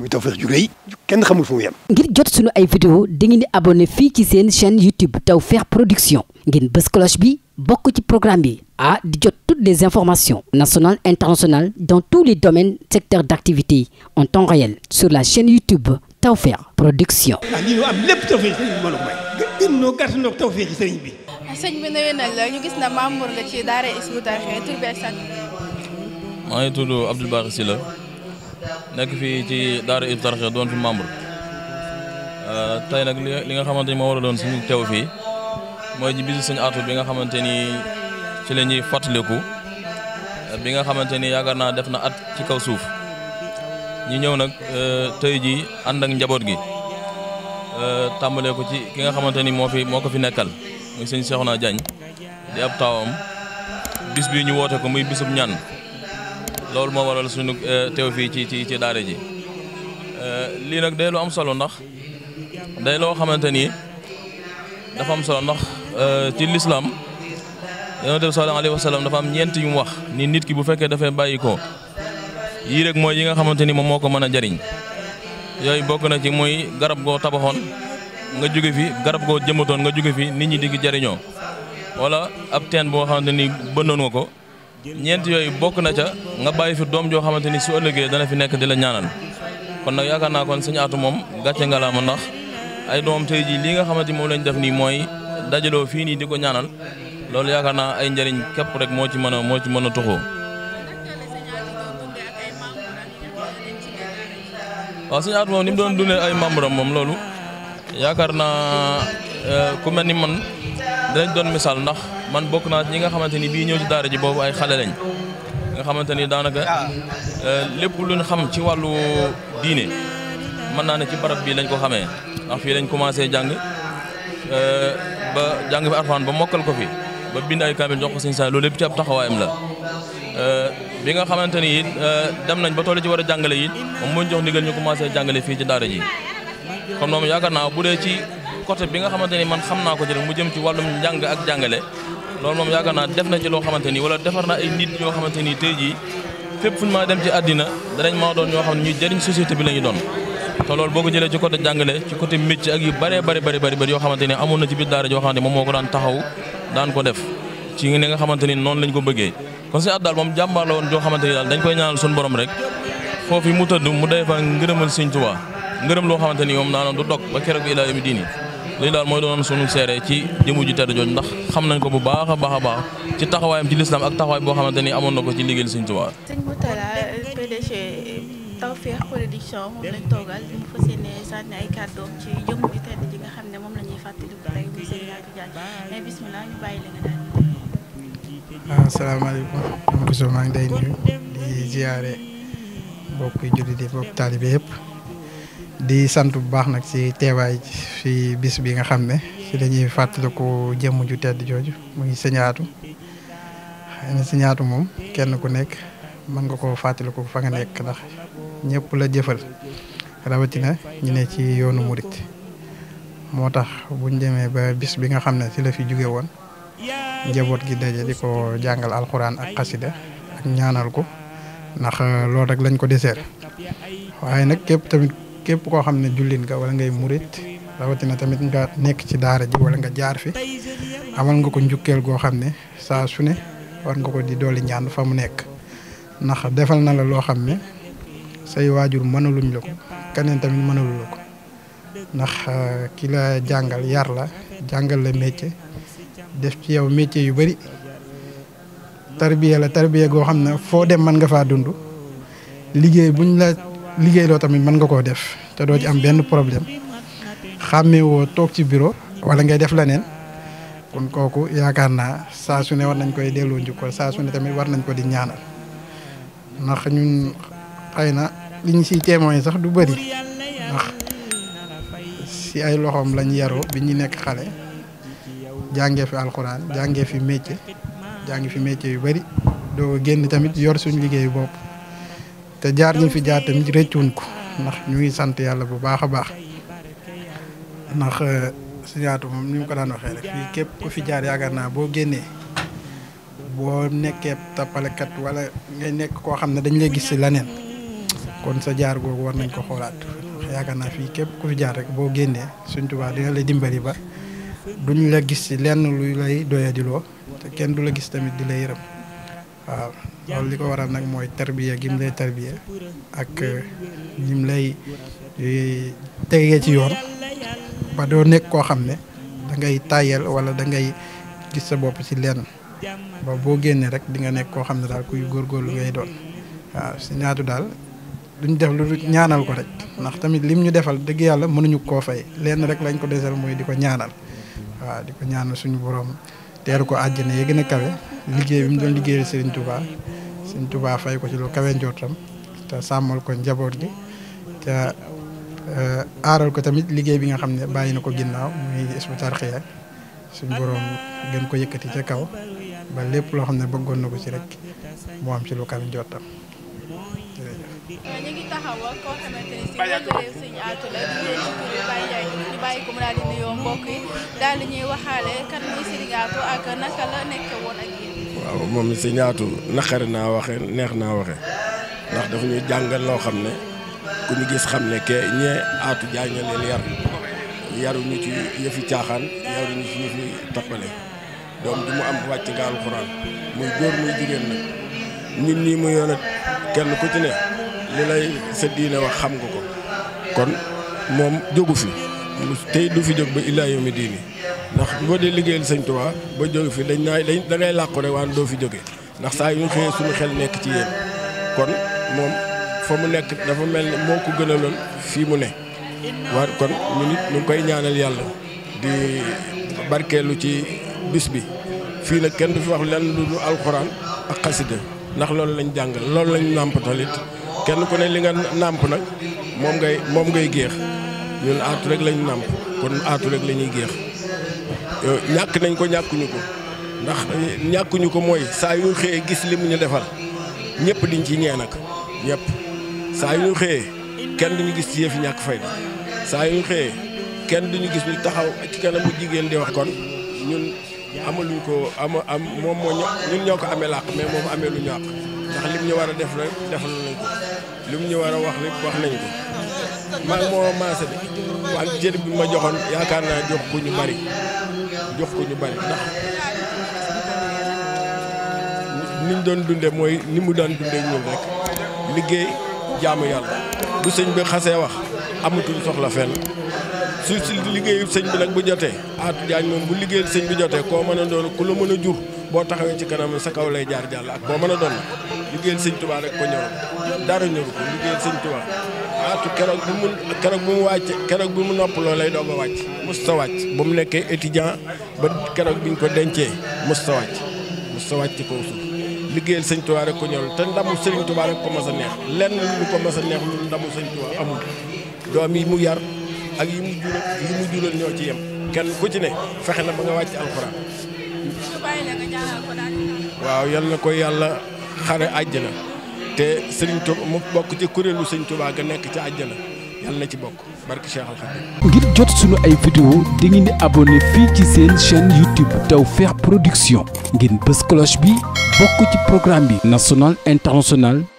muy Tawfekh ju rëy kenn xamul fu mu yem. ngir jot sunu ay vidéo dangeen di abonné fii ci seen chaîne YouTube Tawfekh Production ngeen bës bi bokk ci programme bi ah di jot toutes les informations nationales internationales dans tous les domaines secteurs d'activité en temps réel sur la chaîne YouTube Tawfekh Production. ah lii ñu am lépp Tawfekh sëriñ bi mbooloo mooy. Ah, la ñu gis na membre la ci daara Hizbut Tarqiyyah tur bi ak sant. maa nekk fii ci daara Hizbut Tarqiyyah doon fi membre euh, tey nag li nga xamante ni moo war a doon suñu tew fii mooy ci bisu suñu aatu bi nga xamante ni ci la ñuy fàttaliku bi nga xamante ni yaakaar naa def na at ci kaw suuf ñu ñëw nag euh, tey jii ànd ak njaboot gi euh, tàmbalee ko ci ki nga xamante ni moo moo ko fi nekkal muy sëñ Cheikhouna Diagne di ab taawam bis bi ñu woote ko muy bisub ñaan loolu moo waral suñu euh, teew fii ci ci ci daara ji euh, lii nag day lu am solo ndax day loo xamante ni dafa am solo ndax euh, ci lislaam yonent bi sallallahu alayhi wa sallam dafa am ñeent yu mu wax ni nit ki bu fekkee dafa bàyyi ko yii rek mooy yi nga xamante ni moom moo ko mën a jariñ yooyu bokk na ci mooy garab goo tabaxoon nga jóge fi garab goo jëmbatoon nga jóge fi nit ñi di jariñoo walla ab teen boo xamante ni bënnoon nga ko. ñeent yooyu bokk na ca nga bàyyi fi doom joo xamante ni su ëllëgee dana fi nekk di la ñaanal kon nag yaakaar naa kon sëñ Atou moom gàcce nga la ma ndax ay doom tey jii lii nga xamante ni moom lañu def nii mooy dajaloo fii nii di ko ñaanal loolu yaakaar naa ay njariñ képp rek moo ci mën a moo ci mën a tuxoo waaw ni mu doon dundee ay membre am moom loolu yaakaar naa euh, ku ni man dinañ doon misaal ndax man bokk naa ñi nga xamante ni bii ñëw ci daara ji boobu ay xale lañ nga xamante ni daanaka euh, lépp luñ xam ci wàllu diine mën naa ne ci barab bii lañ ko xamee ndax fii lañ commencé jàng euh, ba jàng fi arfaan ba mokkal ko fi ba bind ay kaamil jox ko sëñ Saaliw loolu lépp ci ab taxawaayam la euh, bi nga xamante ni it dem nañ ba toll ci war a jàngale it moom moo jox ndigal ñu commencé jàngale fii ci daara ji kon moom yaakaar naa bu dee ci côté bi nga xamante ni man xam naa ko ci rek mu jëm ci wàllum njàng ak jàngale loolu moom yaakaar naa def na ci loo xamante nii wala defar na ay nit ñoo xamante nii tey jii fépp fu ñu maa dem ci àddina danañ maa doon ñoo xam ne ñuy jëriñ société bi la ñu doon te loolu boo ko jëlee ci côté jàngale ci côté métier ak yu bëree bëri bëri bëri yoo xamante ni amoon na ci biir daara xamante moom moo ko daan taxaw daan ko def ci ni nga xamante ni noonu lañ ko bëggee kon si at daal moom jàmbaar la woon joo xamante ni daal dañ koy ñaanal suñu borom rek loo xamante ni moom naanam du dog ba keroog lii daal mooy doonoon sunu seere ci jëmu ji tedd jooju ndax xam nañ ko bu baax a baax a baax ci taxawaayam ci lislaam ak taxawaay boo xamante ni amoon na ko ci liggéeyal Sëñ Tuubaa. sëñ Moutala PDG Tawfekh Production moom lañ toogal ñu fas yéene sànni ay kàddoom ci ko tey di sëñ Ndiaye Diagne mais bisimilah ñu bàyyi la ah, maa ngi lay nuyu di ziare mbokki jullit yi yëpp. di sant bu baax nag ci teewaay fi bis bi nga xam ne ci lañuy fàttaliku jëmm ju tedd jooju muy sëñaatu xëy na sëñaatu moom kenn ku nekk mën nga koo fàttaliku fa nga nekk ndax ñëpp la jëfal rawatina ñu ne ci yoonu murit moo tax buñ demee ba bis bi nga xam ne ci la fi jóge woon njaboot gi daje di ko jàngal alxuraan ak xasida ak ñaanal ko ndax loolu rek lañ ko deseer waaye nag képp tamit képp koo xam ne jullit nga wala ngay murit rawatina tamit nga nekk ci daara ji wala nga jaar fi amal nga ko njukkeel goo xam ne saa su ne war nga ko di dooli ñaan fa mu nekk ndax defal na la loo xam ne say waajur mënaluñ la ko keneen tamit mënalu ko ndax euh, ki la jàngal yar la jàngal la métier def ci yow métier yu bari tarbiya la tarbiya goo xam ne foo dem mën nga faa dund liggéey buñ la liggéey loo tamit mën nga koo def te doo ci am benn problème xàmmee woo toog ci bureau wala ngay def leneen kon kooku yaakaar naa saa su ne war nañ koy delloo njukkal saa su ne tamit war nañ ko di ñaana ndax ñun xëy na li ñu siy témoin sax du bëri si ay loxoom lañu yaroo bi ñu nekk xale jàngee fi alxuraan jàngee fi métier jàngi fi métier yu bari doo génn tamit yor suñu liggéeyu bopp. te jaar ñu fi jaar tamit réccuwuñ ko ndax ñu sant yàlla bu baax a baax ndax euh, suñu moom ni ko daan waxee rek fii képp ku fi jaar yaakaar naa boo génnee boo nekkee tappalekat wala ngay nekk koo xam ne dañ lay gis si leneen kon sa jaar googu war nañ ko xoolaat yaakaar naa fii képp ku fi jaar rek boo génnee suñ tubaab dina la dimbali ba duñ la gis si lenn luy lay doyadiloo te kenn du la gis tamit di la yërëm. waaw loolu li ko waral nag mooy tarbiya gim lay tarbiya ak ñim euh, lay euh, tegee ci yoon ba doo nekk koo xam ne dangay ngay tàyyel wala da ngay gis sa bopp ci lenn ba boo génnee rek di nga nekk koo xam ne daal kuy góorgóorlu ngay doon waaw si ñaatu daal duñ def lu ñaanal ko rek ndax tamit lim ñu defal dëgg yàlla mënuñu koo fay lenn rek lañ ko desal mooy di ko ñaanal waaw di ko ñaanal suñu borom. teeru ko àjjana ya gën a kawe liggéey bi mu doon liggéey Serigne Touba Serigne tubaa fay ko ci lu kawe njortam te sàmmal ko njaboot gi te euh, aaral ko tamit liggéey bi nga xam ne bàyyi na ko ginnaaw muy Hizbut Tarqiyyah suñ borom gën ko yëkkati ca kaw ba lépp loo xam ne bëggoon na ko ci rek mu am ci lu kawe njortam. Awa koo xamante waaw moom sëñ Atou naqari naa waxe neex naa waxe ndax dafa ñuy jàngal loo xam ne ku ñu gis xam ne ke ñee Atou Diagne yar yaruñu ci yëfi caaxaan yaruñu ci yëfi doom du mu am wàcc nga alxuraan muy góor muy jigéen nag ñun ñii mu yoonat kenn ku ci ne. li lay sa diine wax xam nga ko kon moom jógu fi tey du fi jóg ba illaa yawmi diini ndax boo dee liggéeyal sëñ Tuubaa ba jóge fi dañ naa dañ da ngay làqu rek waan doo fi jóge ndax saa yu ñu xëyee suñu xel nekk ci yéen kon moom fa mu nekk dafa mel ni moo ko gënaloon fii mu ne waa kon mu nit ñu ngi koy ñaanal yàlla di barkeelu ci bis bi fii nag kenn du fi wax lenn lu dul alxuraan ak xasida ndax loolu lañ jàngal loolu lañ nàmpatalit kenn ku ne li nga nàmp nag moom ngay moom ngay géex ñun aatu rek lañ nàmp kon aatu rek la ñuy géex ñàkk nañ ko ñàkkuñu ko ndax ñàkkuñu ko mooy saa yu ñu xëyee gis li mu ñu defal ñëpp diñ ci ñee nag ñëpp saa yu ñu xëyee kenn duñu gis ci yëfi ñàkk fay saa yu xëyee kenn duñu gis ñu taxaw ci kanam bu jigéen di wax kon ñun amaluñ ko am am moom moo ñun ñoo ko amee làq mais moom amee lu ñu àq ndax lim ñu war a def rek defal nañ ko li mu war a wax lépp wax nañ ko moo maase bi waaye jër bi ma joxoon yaakaar naa jox ko ñu bari jox ko ñu bari ndax ni ñu doon dunde mooy ni mu daan dunde ñun rek liggéey jaamu yàlla bu sëñ bi xasee wax amatul soxla fenn su si liggéeyu sëñ bi nag bu jotee aatu jaañ moom bu liggéeyal sëñ bi jotee koo mën a doon ku la mën a jur boo taxawee ci kanam sa kaw lay jaar jàll ak boo mën a doon nag liggéeyal sëñ Tuubaa rek ko ñoroon dara ñoru ko liggéeyal sëñ Tuubaa aatu ah, keroog mu keroog bu mu wàcc keroog bu mu noppaloo lay doog a wàcc musta wàcc bu mu nekkee étudiant ba keroog bi ñu ko dencee musta wàcc musta wàcc ci kaw suuf liggéeyal sëñ rek ko ñoroon te ndamu sëriñ Tuubaa rek ko mas a neex lenn lu ko mas a neex lu ndamu sëñ Tuubaa amul doom yi mu yar ak yi mu jural ñoo ci yem kenn ku ci ne fexe na ba nga wàcc alxuraan waaw yàlla na ko yàlla xare àjjana te Serigne Touba mu bokk ci kuréelu Serigne Touba ga nekk ci àjjana yal na ci bokk barke Cheikh Al ngir jot suñu ay vidéo di ngeen di fii ci seen chaîne YouTube Tawfekh Production ngeen bës cloche bi bokk ci programme bi national international